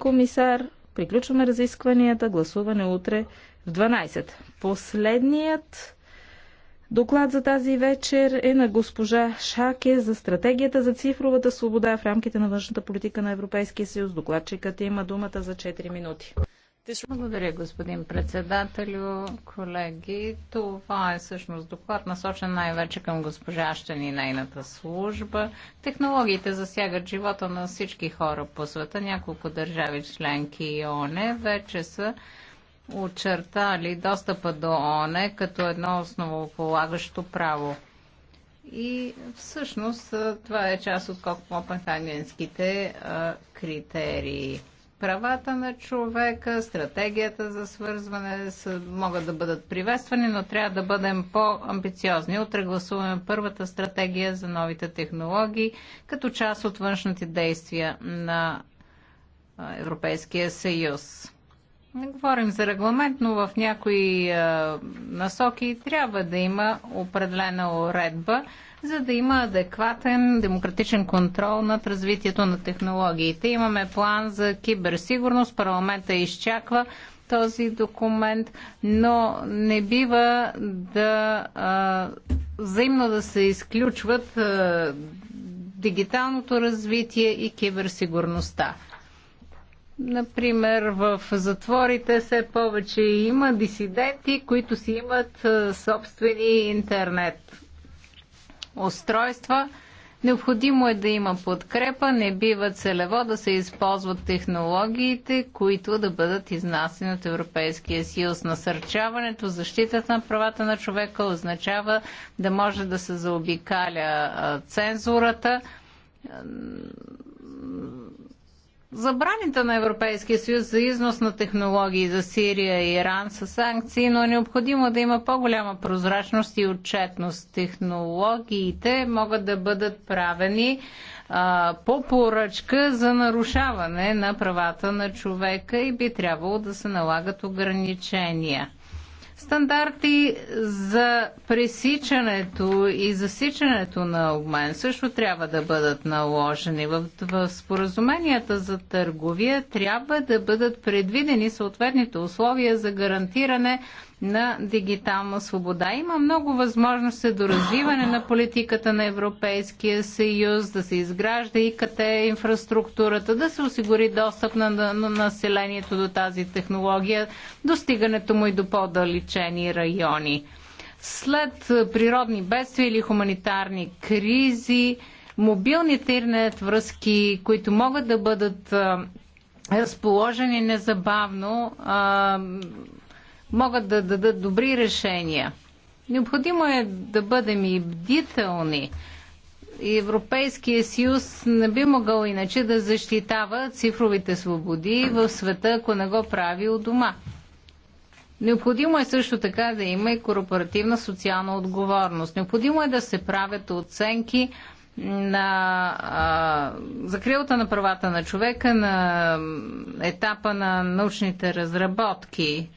комисар. Приключваме разискванията. Гласуване утре в 12. Последният доклад за тази вечер е на госпожа Шаке за стратегията за цифровата свобода в рамките на външната политика на Европейския съюз. Докладчикът има думата за 4 минути. Благодаря, господин председателю, колеги. Това е всъщност доклад насочен най-вече към госпожа Ащен и нейната служба. Технологиите засягат живота на всички хора по света. Няколко държави членки и ОНЕ вече са очертали достъпа до ОНЕ като едно основополагащо право. И всъщност това е част от копенхагенските критерии правата на човека, стратегията за свързване са, могат да бъдат приветствани, но трябва да бъдем по-амбициозни. Утре гласуваме първата стратегия за новите технологии като част от външните действия на Европейския съюз. Не говорим за регламент, но в някои насоки трябва да има определена уредба за да има адекватен демократичен контрол над развитието на технологиите. Имаме план за киберсигурност. Парламента изчаква този документ, но не бива да а, взаимно да се изключват а, дигиталното развитие и киберсигурността. Например, в затворите все повече има дисиденти, които си имат собствени интернет устройства. Необходимо е да има подкрепа, не бива целево да се използват технологиите, които да бъдат изнасени от Европейския съюз. Насърчаването, защитата на правата на човека означава да може да се заобикаля цензурата Забраните на Европейския съюз за износ на технологии за Сирия и Иран са санкции, но е необходимо да има по-голяма прозрачност и отчетност. Технологиите могат да бъдат правени а, по поръчка за нарушаване на правата на човека и би трябвало да се налагат ограничения. Стандарти за пресичането и засичането на обмен също трябва да бъдат наложени. В, в споразуменията за търговия трябва да бъдат предвидени съответните условия за гарантиране на дигитална свобода. Има много възможности до развиване на политиката на Европейския съюз, да се изгражда и къде инфраструктурата, да се осигури достъп на, на, на населението до тази технология, достигането му и до по-далечени райони. След природни бедствия или хуманитарни кризи, мобилните интернет връзки, които могат да бъдат разположени незабавно, могат да дадат добри решения. Необходимо е да бъдем и бдителни. Европейския съюз не би могъл иначе да защитава цифровите свободи в света, ако не го прави от дома. Необходимо е също така да има и корпоративна социална отговорност. Необходимо е да се правят оценки на а, закрилата на правата на човека на етапа на научните разработки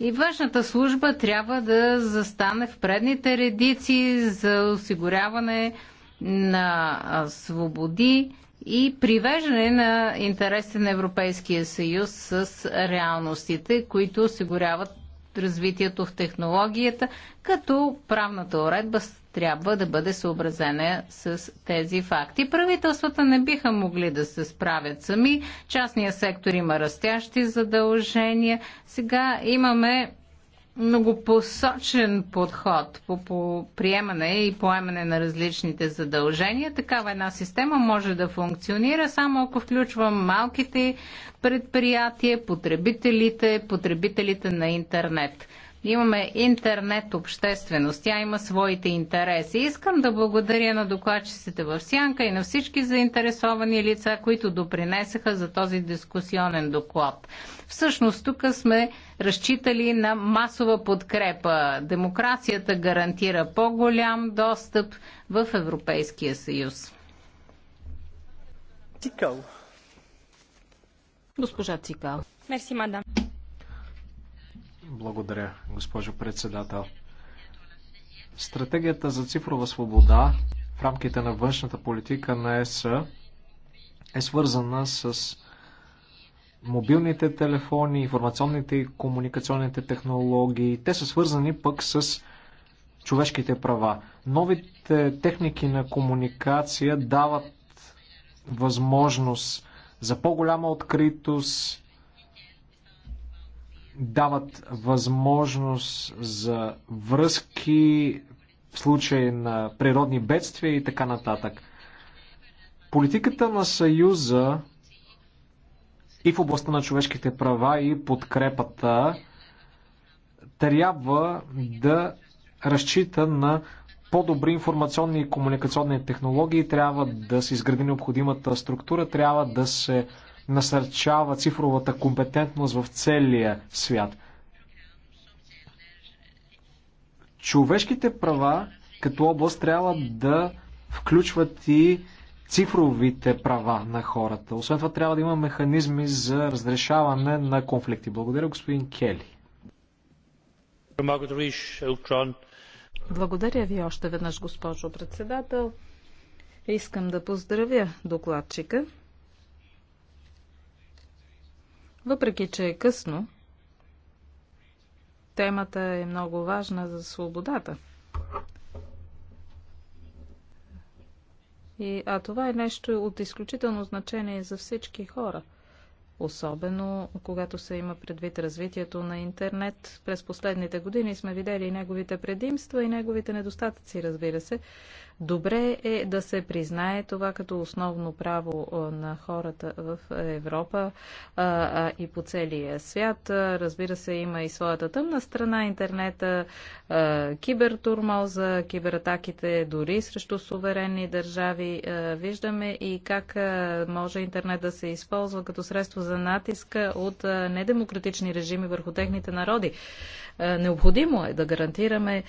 и външната служба трябва да застане в предните редици за осигуряване на свободи и привеждане на интересите на Европейския съюз с реалностите, които осигуряват развитието в технологията, като правната уредба трябва да бъде съобразена с тези факти. Правителствата не биха могли да се справят сами. Частния сектор има растящи задължения. Сега имаме многопосочен подход по, по приемане и поемане на различните задължения. Такава една система може да функционира само ако включва малките предприятия, потребителите, потребителите на интернет имаме интернет общественост. Тя има своите интереси. Искам да благодаря на докладчиците в Сянка и на всички заинтересовани лица, които допринесаха за този дискусионен доклад. Всъщност тук сме разчитали на масова подкрепа. Демокрацията гарантира по-голям достъп в Европейския съюз. Цикал. Госпожа Цикал. Мерси, мадам. Благодаря, госпожо председател. Стратегията за цифрова свобода в рамките на външната политика на ЕС е свързана с мобилните телефони, информационните и комуникационните технологии. Те са свързани пък с човешките права. Новите техники на комуникация дават възможност за по-голяма откритост дават възможност за връзки в случай на природни бедствия и така нататък. Политиката на Съюза и в областта на човешките права и подкрепата трябва да разчита на по-добри информационни и комуникационни технологии, трябва да се изгради необходимата структура, трябва да се насърчава цифровата компетентност в целия свят. Човешките права като област трябва да включват и цифровите права на хората. Освен това трябва да има механизми за разрешаване на конфликти. Благодаря, господин Кели. Благодаря ви още веднъж, госпожо председател. Искам да поздравя докладчика въпреки, че е късно, темата е много важна за свободата. И, а това е нещо от изключително значение за всички хора – особено когато се има предвид развитието на интернет. През последните години сме видели и неговите предимства и неговите недостатъци, разбира се. Добре е да се признае това като основно право на хората в Европа а, и по целия свят. Разбира се, има и своята тъмна страна интернета, кибертурмоза, кибератаките дори срещу суверенни държави. А, виждаме и как а, може интернет да се използва като средство за за натиска от недемократични режими върху техните народи. Необходимо е да гарантираме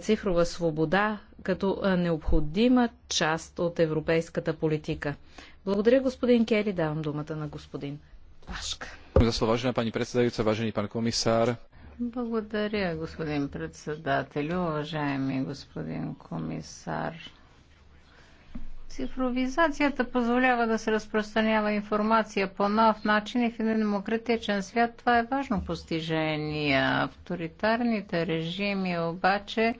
цифрова свобода като необходима част от европейската политика. Благодаря, господин Кели. Давам думата на господин Пашка. За словажена пани председателица, важен пан комисар. Благодаря, господин председател, уважаеми господин комисар. Цифровизацията позволява да се разпространява информация по нов начин и в един демократичен свят това е важно постижение. Авторитарните режими обаче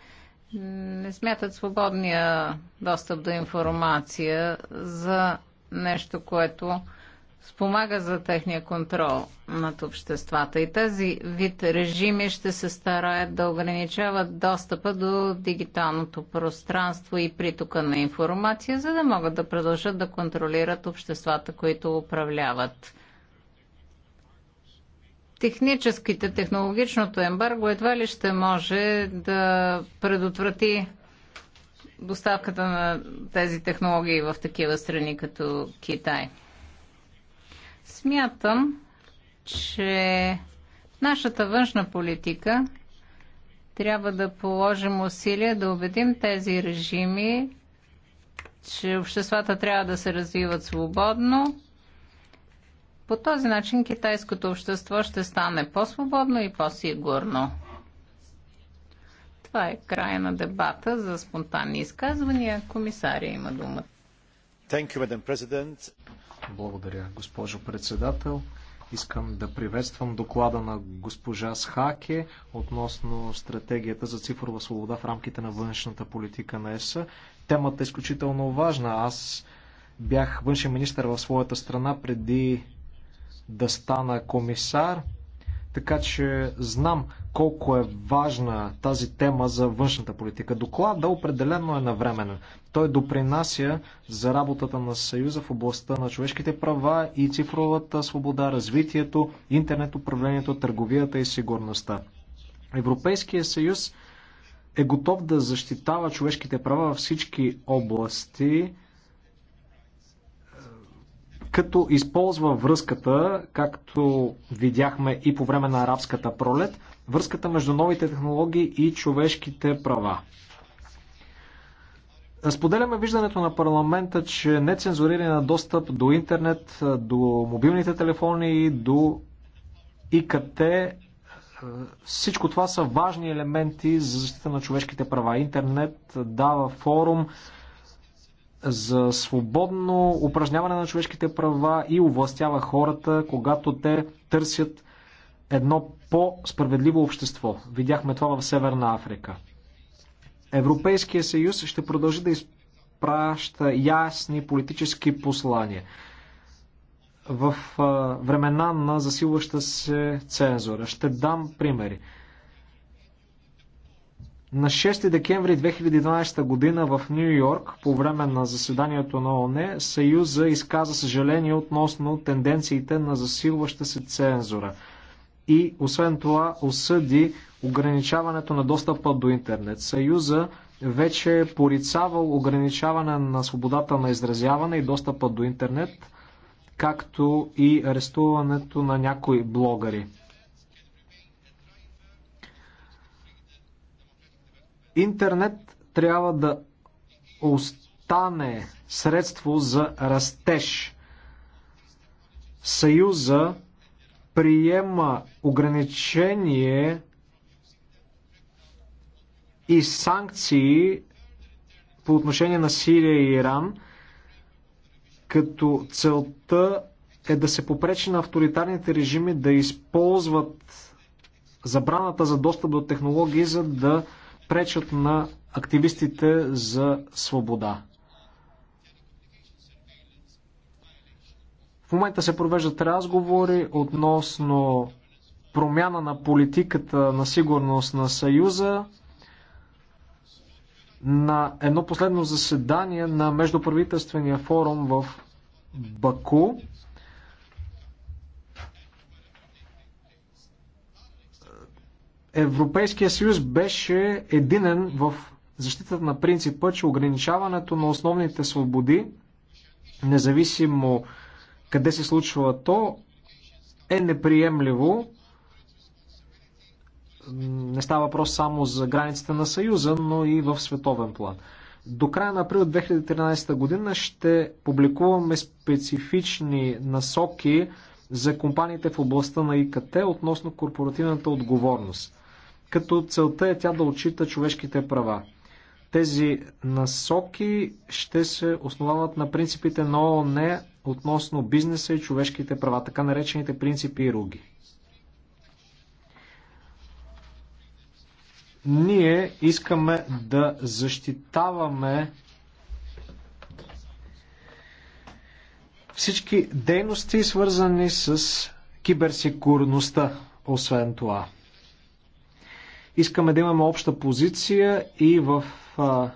не смятат свободния достъп до информация за нещо, което спомага за техния контрол над обществата. И тези вид режими ще се стараят да ограничават достъпа до дигиталното пространство и притока на информация, за да могат да продължат да контролират обществата, които управляват. Техническите, технологичното ембарго едва ли ще може да предотврати доставката на тези технологии в такива страни като Китай. Смятам, че нашата външна политика трябва да положим усилия да убедим тези режими, че обществата трябва да се развиват свободно. По този начин китайското общество ще стане по-свободно и по-сигурно. Това е края на дебата за спонтанни изказвания. Комисария има думата. Благодаря, госпожо председател. Искам да приветствам доклада на госпожа Схаке относно стратегията за цифрова свобода в рамките на външната политика на ЕСА. Темата е изключително важна. Аз бях външен министр в своята страна преди да стана комисар така че знам колко е важна тази тема за външната политика. Доклада определено е навременен. Той допринася за работата на Съюза в областта на човешките права и цифровата свобода, развитието, интернет управлението, търговията и сигурността. Европейския съюз е готов да защитава човешките права във всички области като използва връзката, както видяхме и по време на арабската пролет, връзката между новите технологии и човешките права. Споделяме виждането на парламента, че на достъп до интернет, до мобилните телефони и до ИКТ, е, всичко това са важни елементи за защита на човешките права. Интернет дава форум за свободно упражняване на човешките права и овластява хората, когато те търсят едно по-справедливо общество. Видяхме това в Северна Африка. Европейския съюз ще продължи да изпраща ясни политически послания в времена на засилваща се цензура. Ще дам примери. На 6 декември 2012 година в Нью Йорк, по време на заседанието на ОНЕ, Съюза изказа съжаление относно тенденциите на засилваща се цензура. И освен това осъди ограничаването на достъпа до интернет. Съюза вече е порицавал ограничаване на свободата на изразяване и достъпа до интернет, както и арестуването на някои блогъри. Интернет трябва да остане средство за растеж. Съюза приема ограничение и санкции по отношение на Сирия и Иран, като целта е да се попречи на авторитарните режими да използват забраната за достъп до технологии, за да пречат на активистите за свобода. В момента се провеждат разговори относно промяна на политиката на сигурност на Съюза. На едно последно заседание на Междуправителствения форум в Баку Европейския съюз беше единен в защитата на принципа, че ограничаването на основните свободи, независимо къде се случва то, е неприемливо. Не става въпрос само за границите на Съюза, но и в световен план. До края на април 2013 година ще публикуваме специфични насоки за компаниите в областта на ИКТ относно корпоративната отговорност като целта е тя да отчита човешките права. Тези насоки ще се основават на принципите на ООН относно бизнеса и човешките права, така наречените принципи и руги. Ние искаме да защитаваме всички дейности, свързани с киберсекурността, освен това. Искаме да имаме обща позиция и в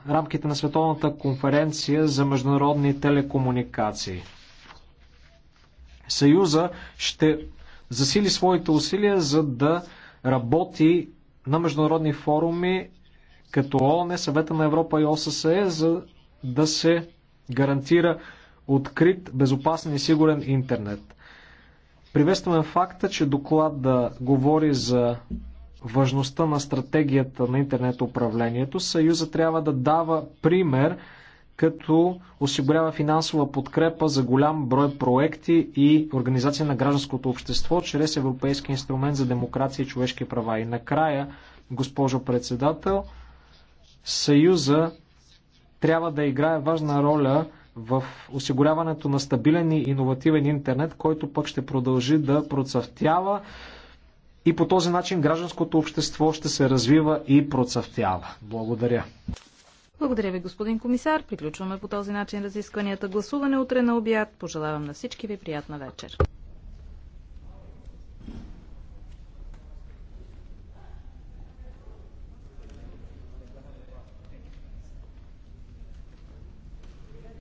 рамките на Световната конференция за международни телекомуникации. Съюза ще засили своите усилия за да работи на международни форуми като ООН, Съвета на Европа и ОССЕ, за да се гарантира открит, безопасен и сигурен интернет. Приветстваме факта, че доклад да говори за важността на стратегията на интернет управлението, Съюза трябва да дава пример, като осигурява финансова подкрепа за голям брой проекти и организация на гражданското общество чрез Европейски инструмент за демокрация и човешки права. И накрая, госпожо председател, Съюза трябва да играе важна роля в осигуряването на стабилен и иновативен интернет, който пък ще продължи да процъфтява и по този начин гражданското общество ще се развива и процъфтява. Благодаря. Благодаря ви, господин комисар. Приключваме по този начин разискванията. Гласуване утре на обяд. Пожелавам на всички ви приятна вечер.